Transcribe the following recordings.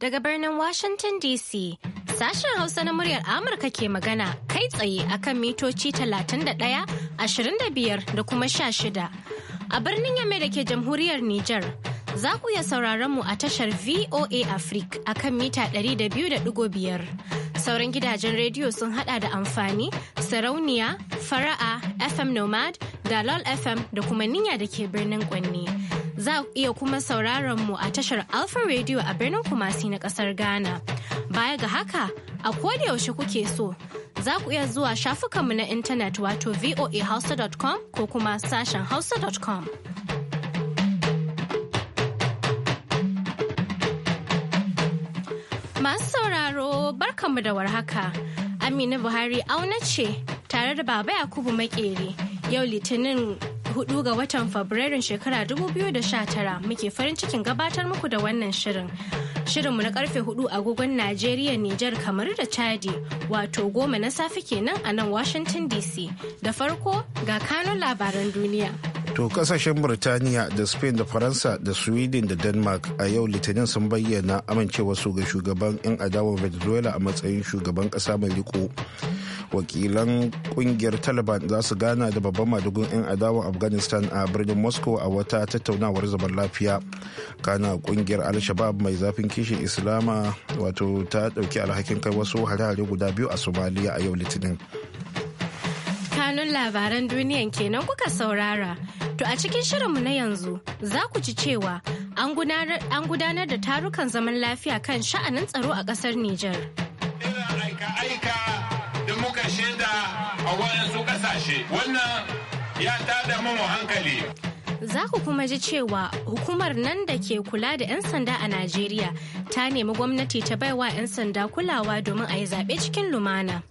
daga birnin Washington DC. Sashen Hausa na muryar Amurka ke magana kai tsaye akan mitoci 31, 25 da kuma 16. A birnin Yame da ke jamhuriyar Nijar, za ku iya sauraron mu a tashar VOA Africa akan mita 200.5. Sauran gidajen rediyo sun hada da amfani, sarauniya, fara'a, FM Nomad, Dalol FM da kuma niyya da ke birnin Kwanne. za ku iya kuma sauraron mu a tashar Alpha Radio a birnin Kumasi na kasar Ghana. Baya ga haka, a yaushe kuke so, za ku iya zuwa shafukanmu na intanet wato voahausa.com ko kuma sashen hausa.com. Masu sauraro barkanmu da warhaka. Amina Buhari auna ce tare da Baba Yakubu Makeri yau Litinin Hudu ga watan Fabrairun shekara 2019 muke farin cikin gabatar muku da wannan shirin. mu na karfe hudu agogon Najeriya, Nijar, kamar da Chadi, wato goma na safe kenan a nan Washington DC. Da farko ga kanun labaran duniya. to kasashen birtaniya da spain da faransa da sweden da denmark a yau litinin sun bayyana amincewa su ga shugaban 'yan adawar venezuela a matsayin shugaban kasa mai riko wakilan kungiyar taliban za su gana da babban madugun 'yan adawar afghanistan a birnin moscow a wata tattaunawar zaman lafiya kana kungiyar al-shabab mai zafin kishin islama wato ta dauki alhakin kai wasu hare-hare guda biyu a somalia a yau litinin kanun labaran duniya kenan kuka saurara. To a cikin shirinmu na yanzu za ku ji cewa an gudanar da tarukan zaman lafiya kan sha'anin tsaro a ƙasar Nijar. aika-aika da muka shaida a ƙasashe wannan ya tada mu hankali. Za ku kuma ji cewa hukumar nan da ke kula da 'yan sanda a Najeriya ta nemi gwamnati ta baiwa 'yan sanda kulawa domin a yi zaɓe cikin lumana.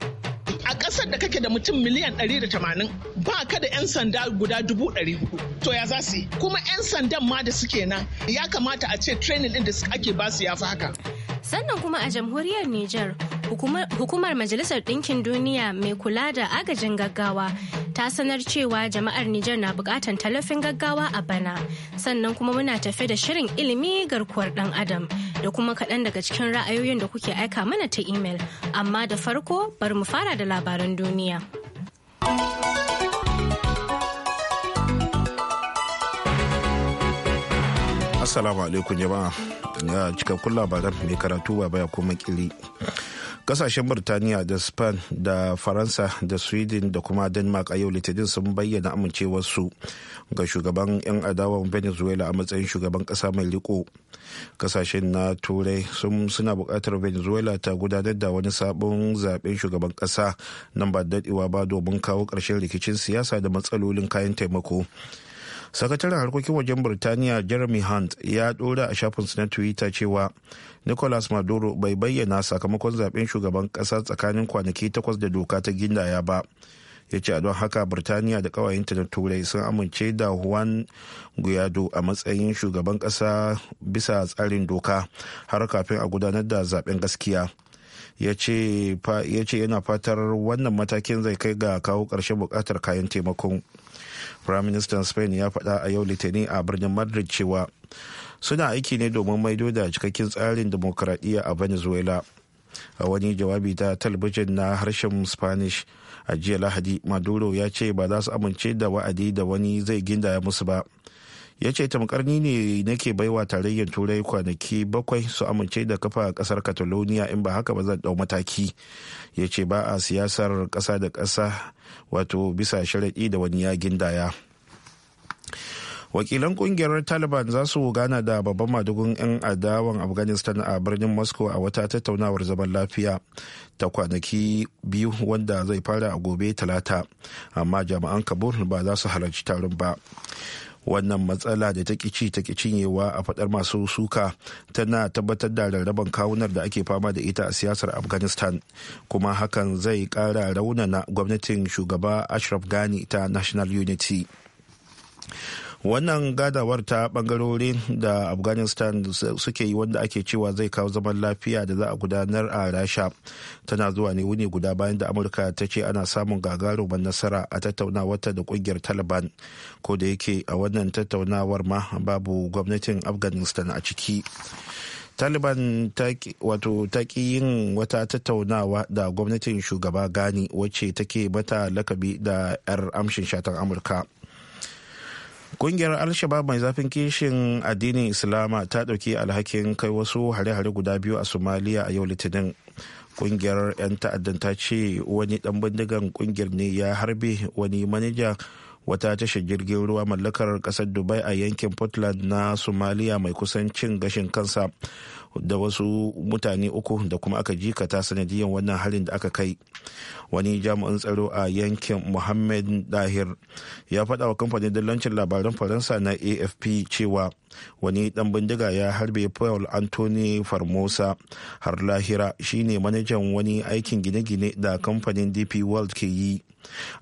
a ƙasar da kake da mutum miliyan 180 ba ka da 'yan sanda guda 400 to ya za su yi kuma 'yan sandan ma da suke nan ya kamata a ce training din da ake basu ya fi haka sannan kuma a jamhuriyar Nijar hukumar majalisar ɗinkin duniya mai kula da agajin gaggawa ta sanar cewa jama'ar Nijar na buƙatar tallafin gaggawa a bana sannan kuma muna tafe da shirin ilimi garkuwar ɗan adam da kuma kaɗan daga cikin ra'ayoyin da kuke aika mana ta imel amma da farko bari mu fara da labaran duniya. Assalamu alaikum jama'a ga cikakkun labaran mai karatu ba baya kuma makili Kasashen Birtaniya da Spain da Faransa da Sweden da kuma Denmark a yau litinin sun bayyana amincewarsu ga shugaban 'yan adawan Venezuela a matsayin shugaban kasa mai liko. Kasashen na Turai sun suna bukatar Venezuela ta gudanar da wani sabon zaben shugaban kasa nan ba daɗewa ba domin kawo ƙarshen rikicin siyasa da matsalolin kayan taimako. sakataren harkokin wajen birtaniya jeremy hunt ya dora a shafinsa na twitter cewa nicolas maduro bai bayyana sakamakon zaben shugaban kasa tsakanin kwanaki takwas da doka ta gindaya ba ya ce don haka birtaniya da kawayenta na turai sun amince da juan guaido a matsayin shugaban kasa bisa tsarin doka har kafin a gudanar da zaben gaskiya ya ce yana fatar wannan matakin zai kai ga kawo ƙarshen buƙatar kayan taimakon firaministan spain ya faɗa a yau litinin a birnin madrid cewa suna aiki ne domin maido da cikakken tsarin demokuraɗiyya a venezuela a wani jawabi ta talabijin na harshen spanish a jiya lahadi maduro ya ce ba za su amince da wa'adi da wani zai ginda musu ba ya ce tamkarni ne nake baiwa tarayyar turai kwanaki bakwai su amince da kafa kasar catalonia in ba haka ba zan dau mataki ya ce ba a siyasar kasa da kasa wato bisa sharaɗi da wani ya gindaya wakilan kungiyar taliban za su gana da babban madugun 'yan adawan afghanistan a birnin moscow a wata tattaunawar zaman lafiya ta kwanaki biyu wanda zai fara a gobe talata amma jami'an kabul ba za su halarci taron ba wannan matsala da ta kici ta cinyewa a fadar masu suka tana tabbatar da rarraban kawunar da ake fama da ita a siyasar afghanistan kuma hakan zai kara raunana gwamnatin shugaba ashraf ghani ta national unity wannan gadawar ta bangarori da afghanistan suke yi wanda ake cewa zai kawo zaman lafiya da za a gudanar a rasha tana zuwa ne wuni guda bayan da amurka ta ce ana samun gagarumar nasara a tattaunawarta da kungiyar taliban ko da yake a wannan tattaunawar ma babu gwamnatin afghanistan a ciki taliban wato ta ki yin wata tattaunawa da gwamnatin shugaba gani wacce take mata lakabi da 'yar amshin shatan amurka Kungiyar Alshabab mai zafin kishin addinin Islama ta ɗauki alhakin kai wasu hare-hare guda biyu a Somalia a yau Litinin. Kungiyar 'yan ta'addan ta ce wani ɗan bindigan kungiyar ne ya harbe wani manija wata tashar jirgin ruwa mallakar ƙasar Dubai a yankin Portland na Somalia mai kusancin gashin kansa da wasu mutane uku da kuma aka jikata sanadiyan wannan harin da aka kai wani jami'in tsaro a yankin muhammad dahir ya faɗa wa kamfanin dillancin labaran faransa na afp cewa wani ɗan bindiga ya harbe paul anthony farmosa har lahira shine manajan wani aikin gine-gine da kamfanin dp world ke yi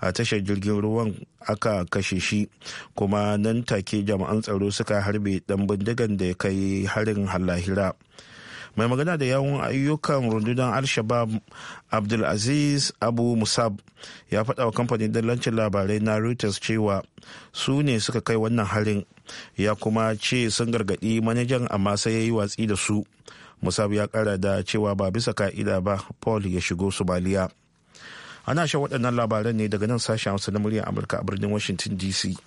a tashar jirgin ruwan aka kashe shi kuma nan take jami'an tsaro suka harbe dan bindigan da ya kai harin hallahira mai magana da yawun ayyukan rundunar al-shabab abdulaziz abu musab ya faɗa wa kamfanin dallancin labarai na reuters cewa su ne suka kai wannan harin ya kuma ce sun gargaɗi manajan amma sai ya yi watsi da su musab ya kara da cewa ba bisa ka'ida ba paul ya shigo baliya ana shan waɗannan labaran ne daga nan sashen hausa na muryar amurka a birnin washington dc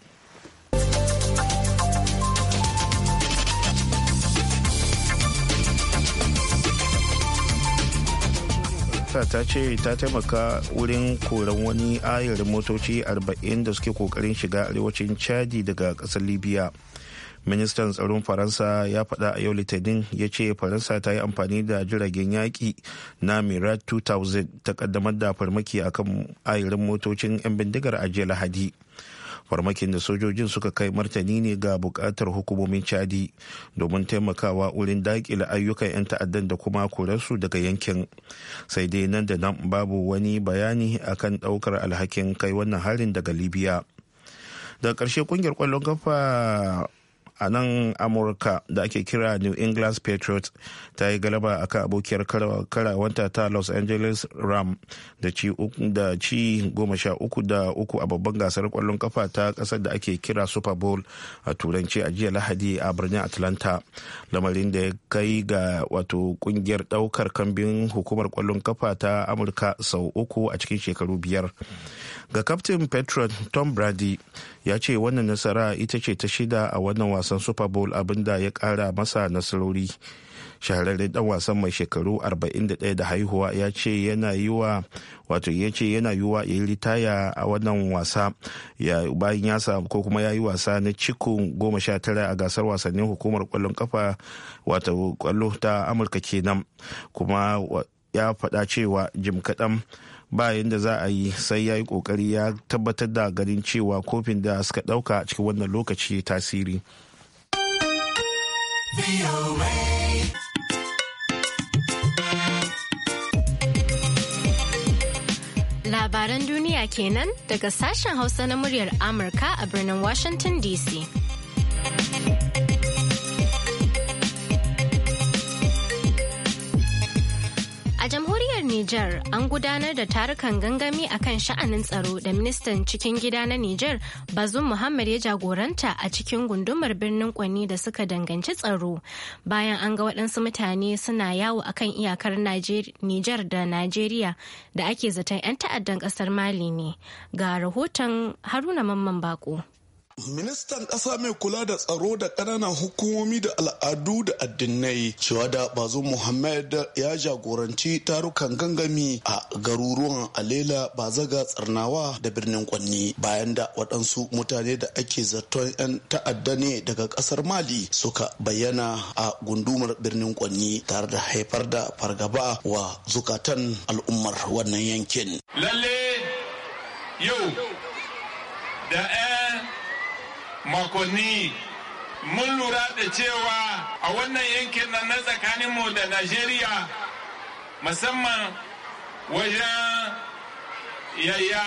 ta ce ta taimaka wurin koran wani ayarin motoci 40 da suke kokarin shiga arewacin chadi daga ƙasar libya ministan tsaron faransa ya faɗa a yau litinin ya ce faransa ta yi amfani da jiragen yaƙi na mirage 2000 ta kaddamar da farmaki a kan ayirin motocin 'yan bindigar ajiyar lahadi farmakin da sojojin suka kai martani ne ga bukatar hukumomin chadi domin taimakawa wurin daƙile ayyukan 'yan ta'addan da kuma korarsu daga yankin sai dai nan da nan babu wani bayani akan ɗaukar alhakin kai wannan harin daga libya daga ƙarshe kungiyar kwallon kafa a nan amurka da ake kira new england patriots ta yi galaba a kan abokiyar karawanta ta los angeles ram da ci goma sha uku da uku a babban gasar kwallon kafa ta kasar da ake kira super bowl a turanci a jiya lahadi a birnin atlanta lamarin da ya kai ga wato kungiyar daukar kambin hukumar kwallon kafa ta amurka sau uku a cikin shekaru biyar ga kaftin petron tom brady ya ce wannan nasara ita ce ta shida a wannan wasan super bowl abinda ya kara masa nasarori shahararren dan wasan mai shekaru 41 da haihuwa ya ce yana yi wa wato ya ce yana yi wa yayi ritaya a wannan wasa ya bayan ya samu ko kuma ya yi wasa na cikin tara a gasar wasannin hukumar kwallon kafa wato kwallo ta amurka kenan kuma ya faɗa cewa jim kaɗan ba yadda za a yi sai ya yi kokari ya tabbatar da garin cewa kofin da suka dauka a cikin wannan lokaci tasiri labaran duniya kenan daga sashen hausa na muryar amurka a birnin washington dc Nijar an gudanar da tarukan gangami akan sha'anin tsaro da ministan cikin gida na Nijar Bazum Muhammad ya jagoranta a cikin gundumar birnin Kwani da suka danganci tsaro. Bayan an ga waɗansu mutane suna yawo a kan iyakar Nijar da Najeriya da ake zaton 'yan ta'addan ƙasar Mali ne. Ga rahoton Haruna Mamman Bako. Ministan ƙasa mai kula da tsaro da ƙananan hukumomi da al'adu da addinai cewa da bazu Muhammad ya jagoranci tarukan gangami a garuruwan Alela Bazaga Tsarnawa da birnin Kwanni bayan da waɗansu mutane da ake zaton 'yan ta'adda ne daga ƙasar Mali suka bayyana a gundumar birnin Kwanni tare da haifar da fargaba wa zukatan al'ummar wannan yankin. Lalle yau da makonni mun lura da cewa a wannan yankin nan na tsakaninmu da najeriya musamman wajen yayya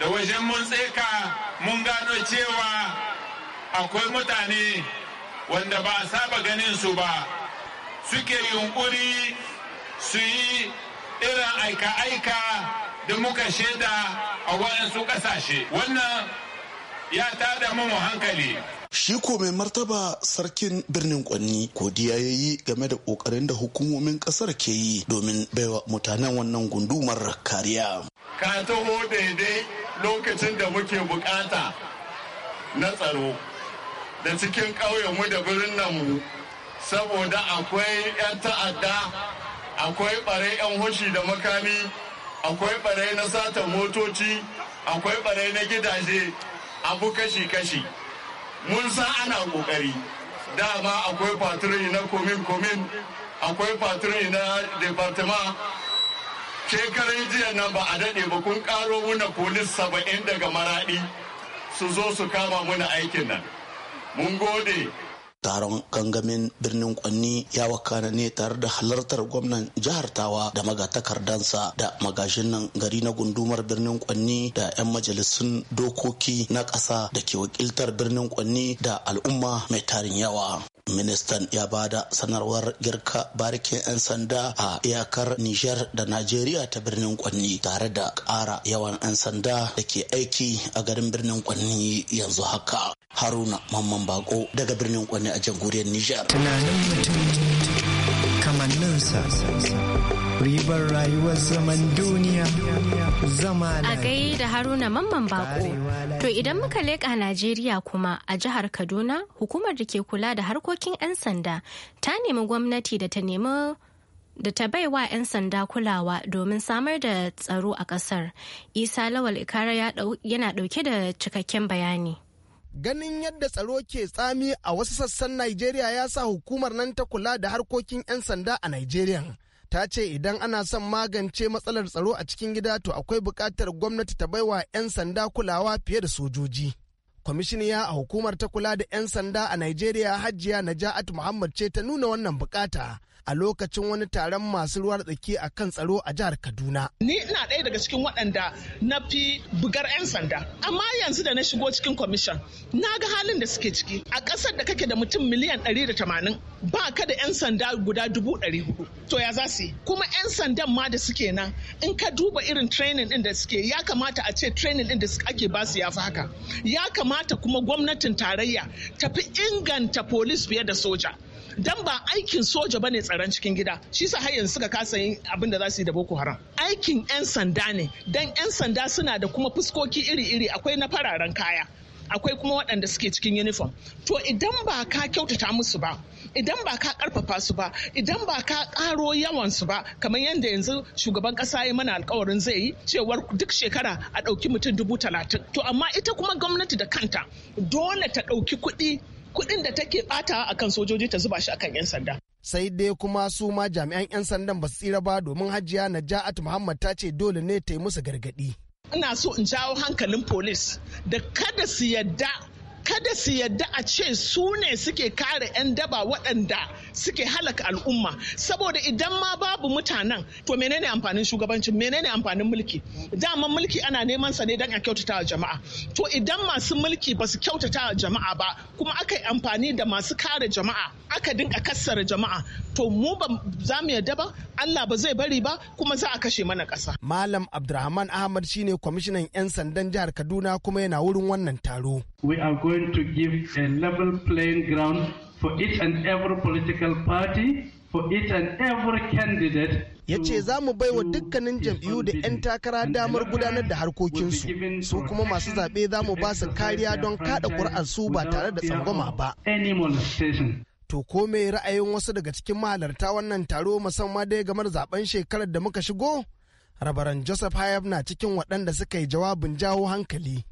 da wajen mun tseka mun gano cewa akwai mutane wanda ba a saba ganin su ba suke yunkuri su yi irin aika-aika da muka shaida a waɗansu ƙasashe wannan ya tada mu hankali shi ko mai martaba sarkin birnin kwanni godiya ya yi game da kokarin da hukumomin kasar ke yi domin baiwa mutanen wannan gundumar kariya ka taho daidai lokacin da muke bukata na tsaro da cikin mu da birnin mu saboda akwai 'yan ta'adda akwai ɓarai 'yan hushi da makami akwai ɓarai na sata motoci akwai ɓarai na gidaje abu kashi-kashi mun san ana kokari dama akwai faturi na komin-komin akwai faturi na departement shekarun jiya nan ba a daɗe ba kun ƙaro muna polis saba'in daga maraɗi su zo su kama muna aikin nan mun gode taron gangamin birnin kwanni ya wakana ne tare da halartar gwamnan jihar tawa da magatakardansa da magashin nan gari na gundumar birnin kwanni da 'yan majalisun dokoki na ƙasa da ke wakiltar birnin kwanni da al'umma mai tarin yawa Ministan ya ba da sanarwar girka barikin 'yan sanda a iyakar Nijar da Najeriya ta birnin Kwanni tare da ƙara yawan 'yan sanda da ke aiki a garin birnin Kwanni yanzu haka. Haruna Mamman Bako daga birnin Kwanni a jamhuriyar Nijar. kamanninsa ribar rayuwar zaman duniya zama a gai da haruna mamman bako to idan muka leƙa najeriya kuma a jihar kaduna hukumar da ke kula da harkokin 'yan sanda ta nemi gwamnati da ta nemi da ta bai wa 'yan sanda kulawa domin samar da tsaro a ƙasar isa lawal ikara yana ɗauke da cikakken bayani ganin yadda tsaro ke tsami a wasu sassan Najeriya ya sa hukumar nan ta kula da harkokin 'yan sanda a Najeriya. Ta ce idan ana son magance matsalar tsaro a cikin gida to akwai buƙatar gwamnati ta baiwa 'yan sanda kulawa fiye da sojoji. Kwamishiniya a hukumar ta kula da 'yan sanda a Najeriya Hajiya Naja'at Muhammad ce ta nuna wannan bukata. a lokacin wani taron masu ruwa da tsaki a kan tsaro a jihar Kaduna. Ni ina ɗaya daga cikin waɗanda na fi bugar 'yan sanda. Amma yanzu da na shigo cikin kwamishan, na ga halin da suke ciki. A ƙasar da kake da mutum miliyan ɗari 180 ba ka da 'yan sanda guda 400. To ya za su yi? Kuma 'yan sandan ma da suke nan in ka duba irin training ɗin da suke ya kamata a ce training ɗin da ake ba su ya fi haka. Ya kamata kuma gwamnatin tarayya ta fi inganta polis fiye da soja. dan ba aikin soja bane tsaron cikin gida shi sa har yanzu suka kasa yin abin da za su yi da boko haram aikin yan sanda ne dan yan sanda suna da kuma fuskoki iri-iri akwai na fararen kaya akwai kuma waɗanda suke cikin uniform to idan ba ka kyautata musu ba idan ba ka karfafa su ba idan ba ka karo yawan su ba kamar yadda yanzu shugaban kasa ya mana alkawarin zai yi cewar duk shekara a ɗauki mutum dubu talatin to amma ita kuma gwamnati da kanta dole ta ɗauki kuɗi kuɗin da take bata kan sojoji ta zuba shi akan 'yan sanda. sai dai kuma su ma jami'an 'yan sandan ba su tsira ba domin hajiya naja'at muhammad ta ce dole ne ta yi musu gargaɗi. ina so in jawo hankalin polis da kada su yadda kada su yadda a ce su ne suke kare 'yan daba waɗanda suke halaka al'umma saboda idan ma babu mutanen to menene amfanin shugabancin menene amfanin mulki dama mulki ana neman sa ne don a kyautata wa jama'a to idan masu mulki ba su kyautata wa jama'a ba kuma aka yi amfani da masu kare jama'a aka dinka kassara jama'a to mu ba za mu yadda ba Allah ba zai bari ba kuma za a kashe mana ƙasa. Malam Abdulrahman Ahmad shine kwamishinan 'yan sandan jihar Kaduna kuma yana wurin wannan taro. We are going to give a level playing ground for each and every political party, for each and every candidate ya ce za mu baiwa dukkanin jam'iyyu da 'yan takara damar gudanar da harkokinsu su kuma masu zaɓe za mu ba su kariya don kaɗa ƙuri'ar su ba tare da tsangwama ba. To ko me ra'ayin wasu daga cikin mahalarta wannan taro musamman dai game da zaben shekarar da muka shigo? rabaran joseph hayab na cikin waɗanda suka yi jawabin jawo hankali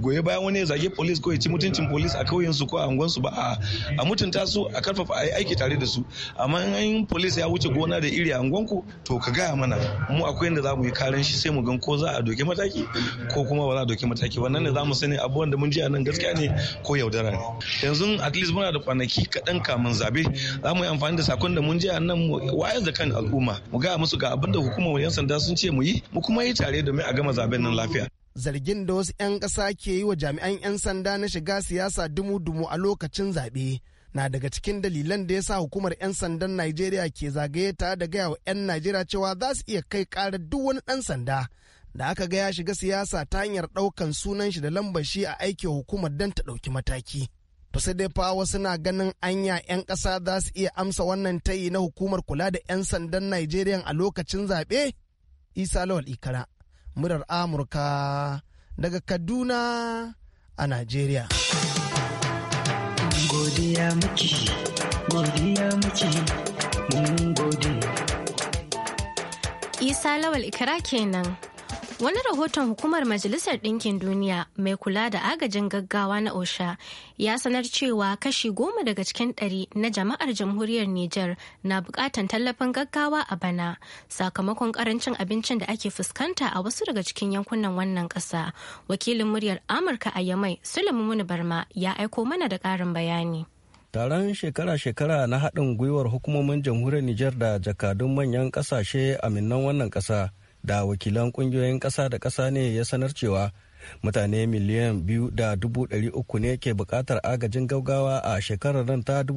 goye bayan wani ya zage polis ko ya ci mutuncin polis a kauyensu ko a angonsu ba a mutunta su a karfafa a yi aiki tare da su amma in polis ya wuce gona da iri a angonku to ka gaya mana mu akwai inda za mu yi karen shi sai mu gan ko za a doke mataki ko kuma ba za a doke mataki wannan ne za mu sani abubuwan da mun ji a nan gaskiya ne ko yaudara ne yanzu at least muna da kwanaki kaɗan kamun zabe za mu yi amfani da sakon da mun ji a nan wayar da kan al'umma mu gaya musu ga abin da hukumar yan sanda sun ci. ce mu yi mu kuma yi tare domin a gama zaben nan lafiya zargin da wasu 'yan ƙasa ke yi wa jami'an 'yan sanda na shiga siyasa dumu-dumu a lokacin zaɓe na daga cikin dalilan da ya sa hukumar 'yan sandan Najeriya ke zagaye ta da gaya wa 'yan Najeriya cewa za su iya kai ƙarar duk wani ɗan sanda da aka gaya shiga siyasa ta hanyar ɗaukan sunan shi da lambar shi a aikin hukumar don ta ɗauki mataki. To sai dai fa wasu na ganin anya 'yan ƙasa za su iya amsa wannan tayi na hukumar kula da 'yan sandan Najeriya a lokacin zaɓe? isa lawal ikara murar amurka daga kaduna a najeriya isa lawal ikara kenan Wani rahoton hukumar Majalisar Ɗinkin Duniya mai kula da agajin gaggawa na OSHA ya sanar cewa kashi goma daga cikin ɗari na jama'ar jamhuriyar Nijar na buƙatan tallafin gaggawa a bana sakamakon ƙarancin abincin da ake fuskanta a wasu daga cikin yankunan wannan ƙasa. Wakilin muryar Amurka a Yamai Sulaimu Barma ya aiko mana da ƙarin bayani. taron shekara-shekara na haɗin gwiwar hukumomin jamhuriyar Nijar da jakadun manyan ƙasashe a minnan wannan ƙasa da wakilan kungiyoyin ƙasa da ƙasa ne ya sanar cewa mutane miliyan biyu da dubu ɗari uku ne ke buƙatar agajin gaugawa a shekarar nan ta da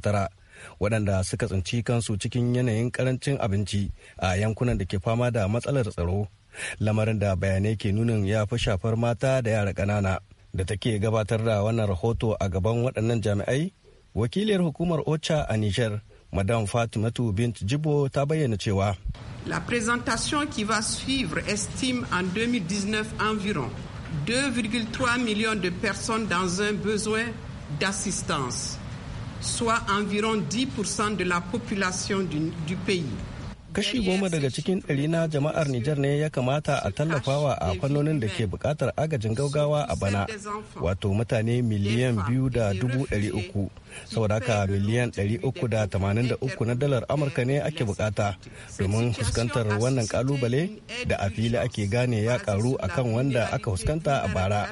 tara waɗanda suka tsinci kansu cikin yanayin ƙarancin abinci a yankunan da ke fama da matsalar tsaro lamarin da bayanai ke nunin ya fi shafar mata da yara ƙanana da take gabatar da wannan rahoto a gaban waɗannan jami'ai wakiliyar hukumar ocha a niger Madame Fatimatu Bint Jibo ta bayyana cewa La présentation qui va suivre estime en 2019 environ 2,3 millions de personnes dans un besoin d'assistance, soit environ 10% de la population du, du pays. Kashi goma daga cikin ɗari na jama'ar Nijar ne ya kamata a tallafawa a fannonin da ke buƙatar agajin gaugawa a bana, wato mutane miliyan biyu da dubu ɗari uku. saboda haka miliyan 383 na dalar amurka ne ake bukata domin fuskantar wannan kalubale da a fili ake gane ya karu a kan wanda aka fuskanta a bara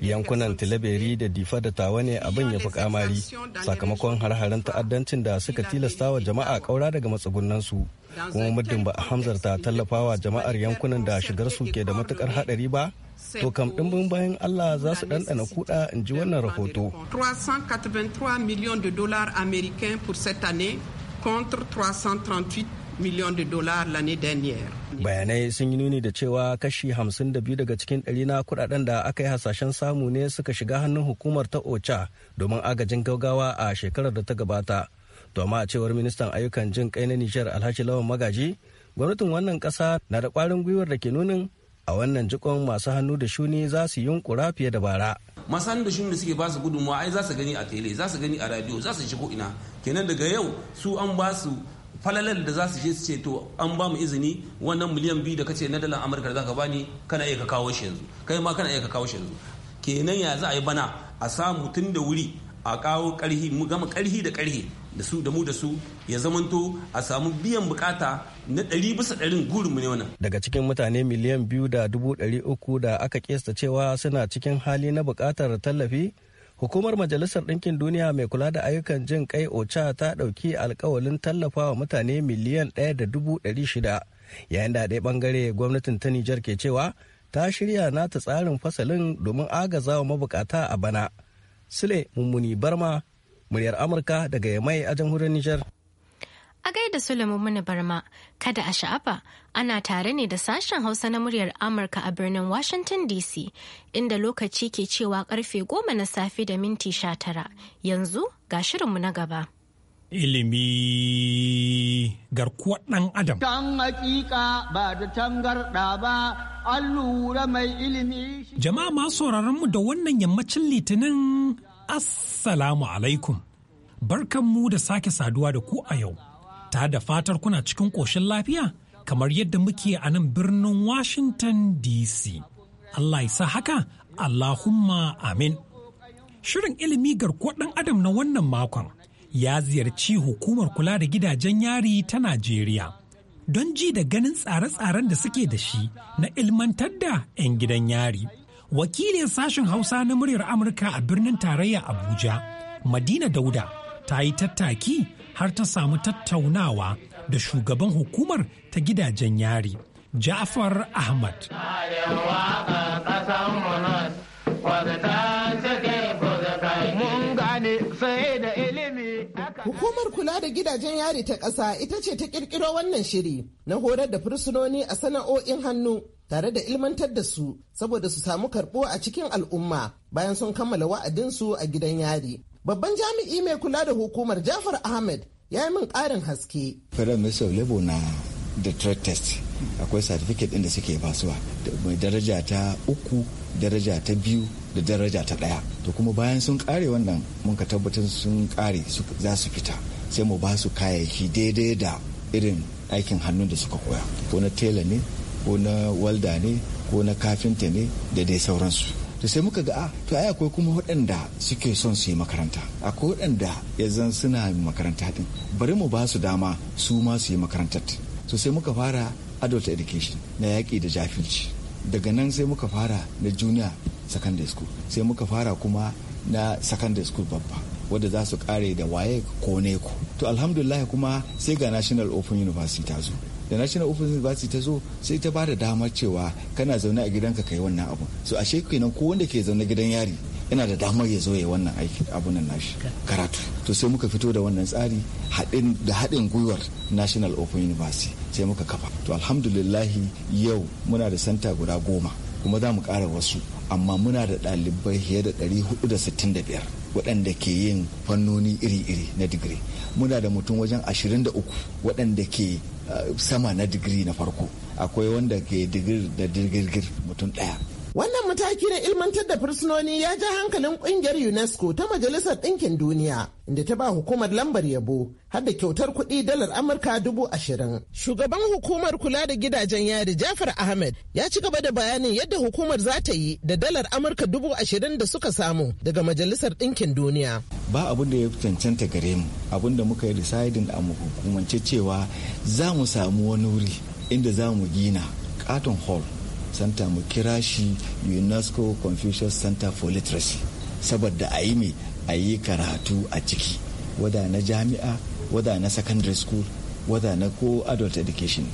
yankunan tilaberi da difa da tawa ne abin ya fi kamari sakamakon har ta'addancin da suka tilasta wa jama'a kaura daga matsugunansu kuma muddin ba a hamzarta tallafawa jama'ar yankunan da shigar su ke da matukar hadari ba to kam ɗin bayan Allah za su ɗanɗana kuɗa in ji wannan rahoto. 383 millions de dollars américain pour cette année contre 338 millions de dollars l'année dernière. bayanai sun yi nuni da cewa kashi 52 daga cikin ɗari na kudaden da aka yi hasashen samu ne suka shiga hannun hukumar ta ocha domin agajin gaugawa a shekarar da ta gabata domin a cewar ministan ayyukan jin kai na nijar alhaji lawan magaji gwamnatin wannan ƙasa na da kwarin gwiwar da ke nunin a wannan jikon masu hannu da shuni za su yunkura fiye da bara masu hannu da shuni da suke ba su gudunmawa ai za su gani a tele za su gani a radio za su shigo ina kenan daga yau su an ba su falalar da za su je su ce to an ba mu izini wannan miliyan biyu da kace na dalar amurka za ka bani kana iya ka kawo shi yanzu kai ma kana iya ka kawo shi yanzu kenan ya za a yi bana a samu tun da wuri a kawo karhi mu gama karhi da karhi da su da mu da su ya zamanto a samu biyan bukata na ɗari bisa ɗarin gurinmu ne wannan. Daga cikin mutane miliyan biyu da dubu ɗari uku da aka kesta cewa suna cikin hali na buƙatar tallafi, hukumar Majalisar Ɗinkin Duniya mai kula da ayyukan jin kai OCHA ta ɗauki alkawalin tallafawa mutane miliyan ɗaya da dubu ɗari shida, yayin da ɗaya ɓangare gwamnatin ta Nijar ke cewa ta shirya nata tsarin fasalin domin agazawa mabukata a bana. Sule Mummuni Barma muryar amurka daga yamai a jamhuriyar nijar a gaida Sulaiman Muni Barma, kada a sha'afa ana tare ne da sashen Hausa na muryar Amurka a birnin Washington DC, inda lokaci ke cewa karfe goma na safe da minti sha tara. Yanzu ga shirinmu na gaba. Ilimi garkuwar ɗan Adam. Tan hakika ba da tangarɗa ba, an lura mai ilimi. Jama'a ma sauraron mu da wannan yammacin litinin Assalamu alaikum. mu da sake saduwa da ku a yau, ta da fatar kuna cikin ƙoshin lafiya kamar yadda muke a nan birnin Washington DC. Allah ya sa haka, Allahumma amin. Shirin ilimi garkuwar ɗan adam na wannan makon ya ziyarci hukumar kula da gidajen yari ta Najeriya. Don ji da ganin tsare-tsaren da suke da shi na ilmantar da 'yan gidan yari. wakilin sashen hausa na muryar amurka a birnin tarayya abuja madina dauda ta yi tattaki har ta samu tattaunawa da shugaban hukumar ta gidajen yari ja'far ahmad Hukumar kula da gidajen yari ta ƙasa ita ce ta ƙirƙiro wannan shiri na horar da fursunoni a sana'o'in hannu tare da ilmantar da su saboda su samu karɓo a cikin al'umma bayan sun kammala wa'adinsu a gidan yari. Babban jami'i mai kula da hukumar Jafar Ahmed ya yi min ƙarin haske. da akwai satifiket ɗin da suke basuwa mai daraja ta uku daraja ta biyu da daraja ta ɗaya to kuma bayan sun kare wannan mun ka tabbatar sun kare za su fita sai mu ba su kayayyaki daidai da irin aikin hannun da suka koya ko na tela ne ko na walda ne ko na kafinta ne da dai sauransu to sai muka ga a ah, to ai akwai kuma waɗanda suke son su yi makaranta akwai waɗanda ya zan suna makaranta din bari mu ba su dama su ma su yi makarantar to sai muka fara adult education na yaƙi da jafilci daga nan sai muka fara na junior secondary school sai muka fara kuma na secondary school babba wadda za su kare da waye ko neko to alhamdulillah kuma sai ga national open university ta zo da national open university ta zo sai ta ba da damar cewa kana zaune a gidanka kai wannan abu so ashe kenan ko wanda ke zaune gidan yari yana da damar ya zo ya wannan aiki nan nashi karatu to sai muka fito da wannan tsari da haɗin gwiwar national open university sai muka kafa to alhamdulillahi yau muna da santa guda goma kuma za mu ƙara wasu amma muna da ɗalibai fiye da 465 waɗanda ke yin fannoni iri-iri na digiri muna da mutum wajen 23 waɗanda ke eh, sama na digiri na farko akwai wanda ke digir da digirgir mutum ɗaya Wannan mataki na ilmantar da fursunoni ya ja hankalin kungiyar UNESCO ta Majalisar Ɗinkin Duniya, inda ta ba hukumar lambar yabo har da kyautar kuɗi dalar Amurka dubu ashirin. Shugaban hukumar kula da gidajen yari Jafar Ahmed ya ci gaba da bayanin yadda hukumar za ta yi da dalar Amurka dubu ashirin da suka samu daga Majalisar Ɗinkin Duniya. Ba abin da ya cancanta gare mu, abin da muka yi decidin a hukumance cewa za mu samu wani wuri inda za mu gina katon hall center mu kira shi unesco confucius center for literacy saboda a yi mai a yi karatu a ciki wada na jami'a wada na secondary school wada na ko adult education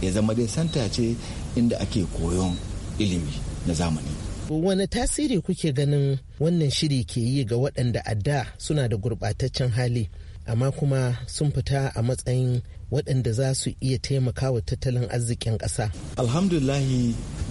ya zama dai center ce inda ake koyon ilimi na zamani wani tasiri kuke ganin wannan shiri ke yi ga waɗanda adda suna da gurɓataccen hali amma kuma sun fita a matsayin waɗanda za su iya taimakawa tattalin arzikin ƙasa? ba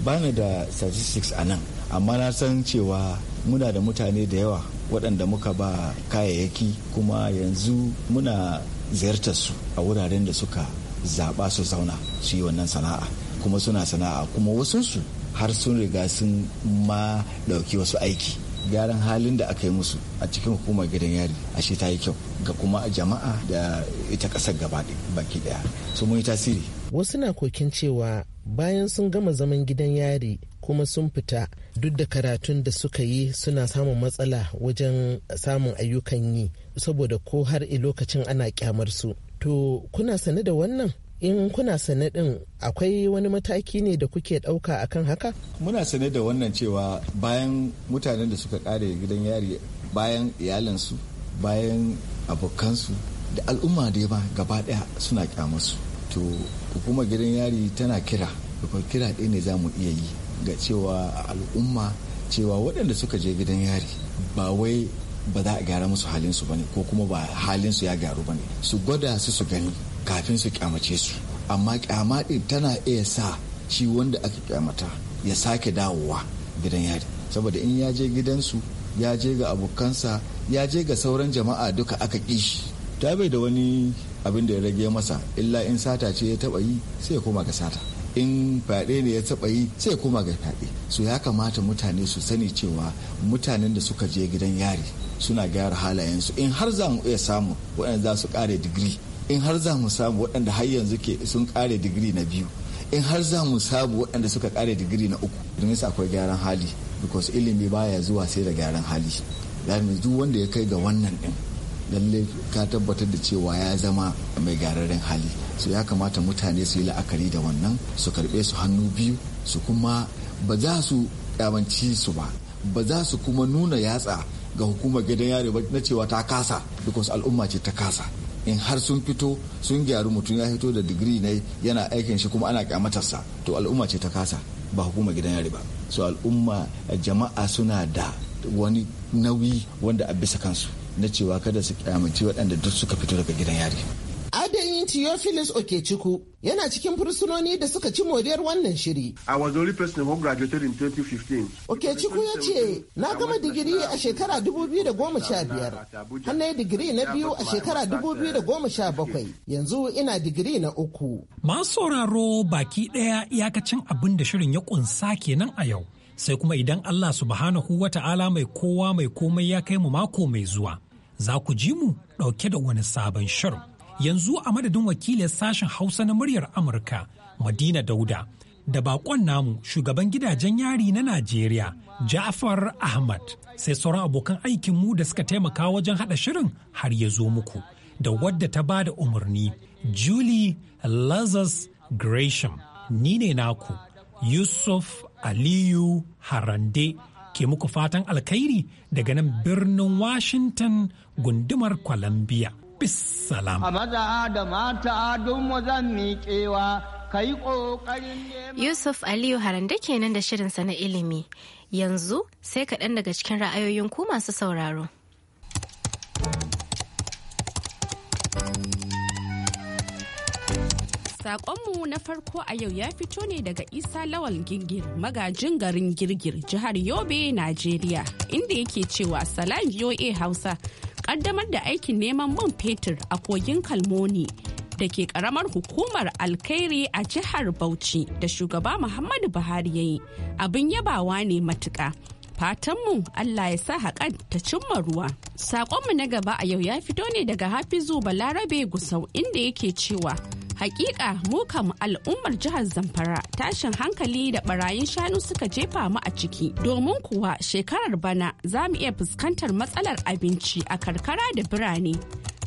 bani da statistics a nan, amma na san cewa muna da mutane da yawa waɗanda muka ba kayayyaki kuma yanzu muna ziyartar su a wuraren da suka zaɓa su zauna su yi wannan sana'a kuma suna sana'a kuma wasunsu har sun riga sun ma ɗauki wasu aiki gyaran halin da aka yi musu a cikin hukumar gidan yari ashe ta yi kyau ga kuma jama'a da ita kasar gaba baki daya su mun yi tasiri wasu na kokin cewa bayan sun gama zaman gidan yari kuma sun fita duk da karatun da suka yi suna samun matsala wajen samun ayyukan yi saboda ko har lokacin ana kyamar su to kuna sane da wannan in kuna sane din akwai wani mataki ne da kuke dauka akan haka muna sane da wannan cewa bayan mutanen da suka kare gidan yari bayan iyalinsu bayan abokansu da al'umma da ba gaba daya suna kyamarsu to hukumar gidan yari tana kira ko kira ɗaya ne za mu iya yi ga cewa al'umma cewa waɗanda suka je gidan yari ba wai ba za a gyara musu halinsu ba ne ko kuma ba halinsu ya gyaru ba ne su gwada su su gani kafin su kyamace su amma kyama tana iya sa shi wanda aka kyamata ya sake dawowa gidan yari saboda in ya je gidansu ya je ga abokansa ya je ga sauran jama'a duka aka kishi ta bai da wani abin da ya rage masa illa in sata ce ya taba yi sai ya koma ga sata in fyaɗe ne ya taba yi sai koma ga fyaɗe so ya kamata mutane su sani cewa mutanen da suka je gidan yari suna gyara halayensu in har za mu iya samu waɗanda za su ƙare digiri in har za mu samu waɗanda har yanzu ke sun kare digiri na biyu in har za mu samu waɗanda suka kare digiri na uku domin su akwai gyaran hali because ilimi baya zuwa sai da gyaran hali zamu duk wanda ya kai ga wannan din lalle ka tabbatar da cewa ya zama mai gyararren hali so ya kamata mutane su yi la'akari da wannan su karbe su hannu biyu su kuma ba za su yawanci su ba ba za su kuma nuna yatsa ga hukumar gidan yari na cewa ta kasa because al'umma ce ta kasa in har sun fito sun gyaru mutum ya fito da digiri ne yana aikin shi kuma ana kyamatarsa to al'umma ce ta kasa ba hukuma gidan yari ba so al'umma jama'a suna da wani nauyi wanda a bisa kansu na cewa kada su kyamaci waɗanda duk suka fito daga gidan yari Benjamin Theophilus Okechukwu yana cikin fursunoni da suka ci moriyar wannan shiri. I was only person in 2015. Okechukwu ya ce, na gama digiri a shekara 2015, hannun digiri na biyu a shekara 2017, yanzu ina digiri na uku. Masu sauraro baki ɗaya iyakacin abin da shirin ya ƙunsa kenan a yau. Sai kuma idan Allah subhanahu wa ta'ala mai kowa mai komai ya kai mu mako mai zuwa, za ku ji mu ɗauke da wani sabon shirin. yanzu a madadin wakilin sashen hausa na muryar amurka madina dauda da bakon namu shugaban gidajen yari na najeriya ja'far ahmad sai sauran abokan aikinmu da suka taimaka wajen haɗa shirin har ya zo muku da wadda ta ba da umarni julie lazarus gresham ni ne naku yusuf aliyu harande ke muku fatan alkhairi daga nan birnin washington gundumar columbia bisalam. A maza da mata dunmu zan miƙewa kayi ƙoƙarin Yusuf Aliyu Haranda kenan da shirinsa na ilimi. Yanzu sai kaɗan daga cikin ra'ayoyin ku masu sauraro. Sakonmu na farko a yau ya fito ne daga Isa Lawal Gingir, magajin garin Girgir, jihar Yobe, Najeriya, inda yake cewa Salam VOA Hausa kaddamar da aikin neman man fetur a kogin Kalmoni da ke karamar hukumar Alkairi a jihar Bauchi da shugaba Muhammadu Buhari ya yi abin yabawa ne matuka. fatanmu Allah ya sa haƙan ta cimma ruwa. Saƙonmu na gaba a yau ya fito ne daga Hafizu Balarabe Gusau inda yake cewa hakika mu kam al'ummar jihar zamfara tashin hankali da barayin shanu suka jefa mu a ciki domin kuwa shekarar bana za mu iya fuskantar matsalar abinci a karkara da birane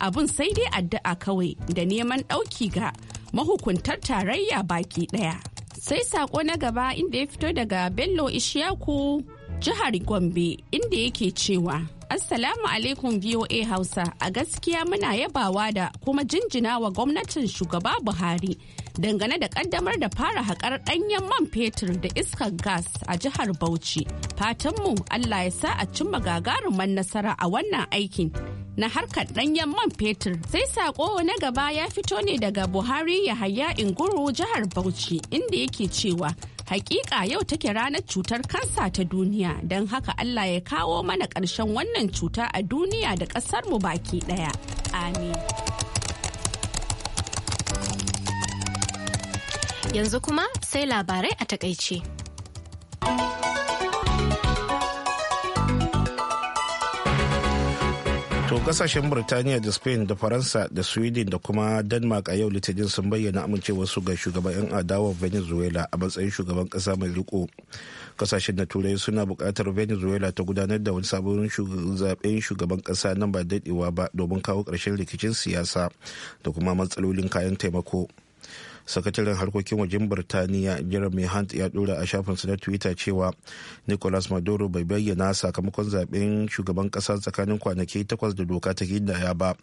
abun sai dai addu'a kawai da neman ɗauki ga mahukuntar tarayya baki ɗaya sai sako na gaba inda ya fito daga bello ishaku jihar gombe inda yake cewa Assalamu alaikum VOA Hausa a gaskiya muna yabawa da kuma jinjina wa gwamnatin shugaba Buhari dangane da kaddamar da fara haƙar ɗanyen man fetur da iskar gas a jihar Bauchi. Fatanmu Allah ya sa a cimma gagarumar nasara a wannan aikin. na harkar ɗanyen man fetur sai sako na gaba ya fito ne daga buhari ya haya inguru jihar bauchi inda yake cewa Hakika yau take ranar cutar kansa ta duniya don haka Allah ya kawo mana ƙarshen wannan cuta a duniya da ƙasarmu baki ɗaya. Amin. Yanzu kuma sai labarai a takaice. kasashen Birtaniya da Spain da Faransa da Sweden da kuma Denmark a yau litinin sun bayyana amincewarsu ga shugaban 'yan adawar Venezuela a matsayin shugaban kasa mai riko. Kasashen na turai suna buƙatar Venezuela ta gudanar da wani sabon zaben shugaban kasa nan ba daɗewa ba domin kawo ƙarshen rikicin siyasa da kuma matsalolin kayan taimako. sakataren harkokin wajen birtaniya jeremy hunt ya dora a shafinsa na twitter cewa nicolas maduro bai bayyana sakamakon zaben shugaban kasa tsakanin kwanaki takwas da doka ta gindaya ba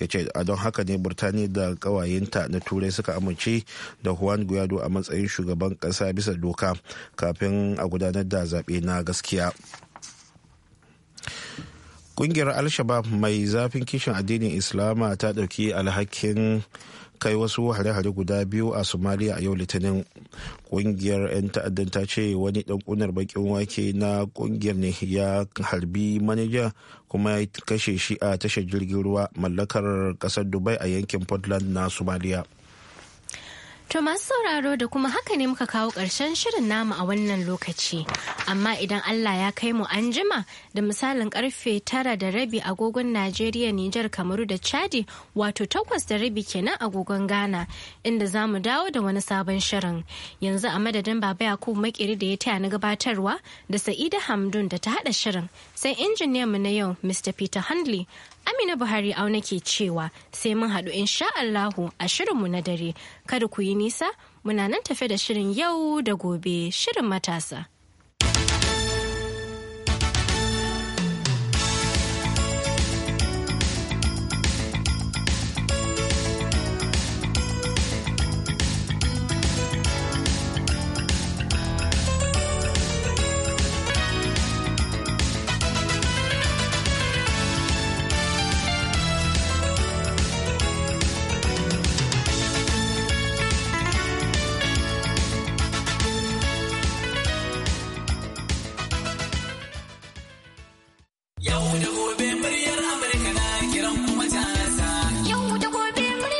ya ce a don haka ne birtaniya da kawayenta na turai suka amince da juan guaido a matsayin shugaban kasa bisa doka kafin a gudanar da zaɓe na gaskiya kungiyar al-shabab mai zafin kishin addinin islama ta dauki alhakin kai wasu hare-hare guda biyu a somalia a yau litinin kungiyar 'yan ta'addan ta ce wani dan kunar bakin wake na kungiyar ne ya harbi manaja kuma ya kashe shi a tashar jirgin ruwa mallakar kasar dubai a yankin portland na somalia To masu sauraro da kuma haka ne muka kawo ƙarshen shirin namu a wannan lokaci. Amma idan Allah ya kai mu an jima da misalin karfe tara da rabi agogon Najeriya, Nijar, Kamaru da Chadi wato takwas da rabi kenan agogon Ghana inda za mu dawo da wani sabon shirin. Yanzu a madadin Baba Yakubu Makiri da ya taya na gabatarwa da Sa'ida Hamdun da ta haɗa shirin sai injiniyan mu na yau Mr. Peter Handley Amina Buhari auna ke cewa sai mun haɗu insha Allahu a shirinmu na dare kada ku yi nisa muna nan tafe da shirin yau da gobe shirin matasa.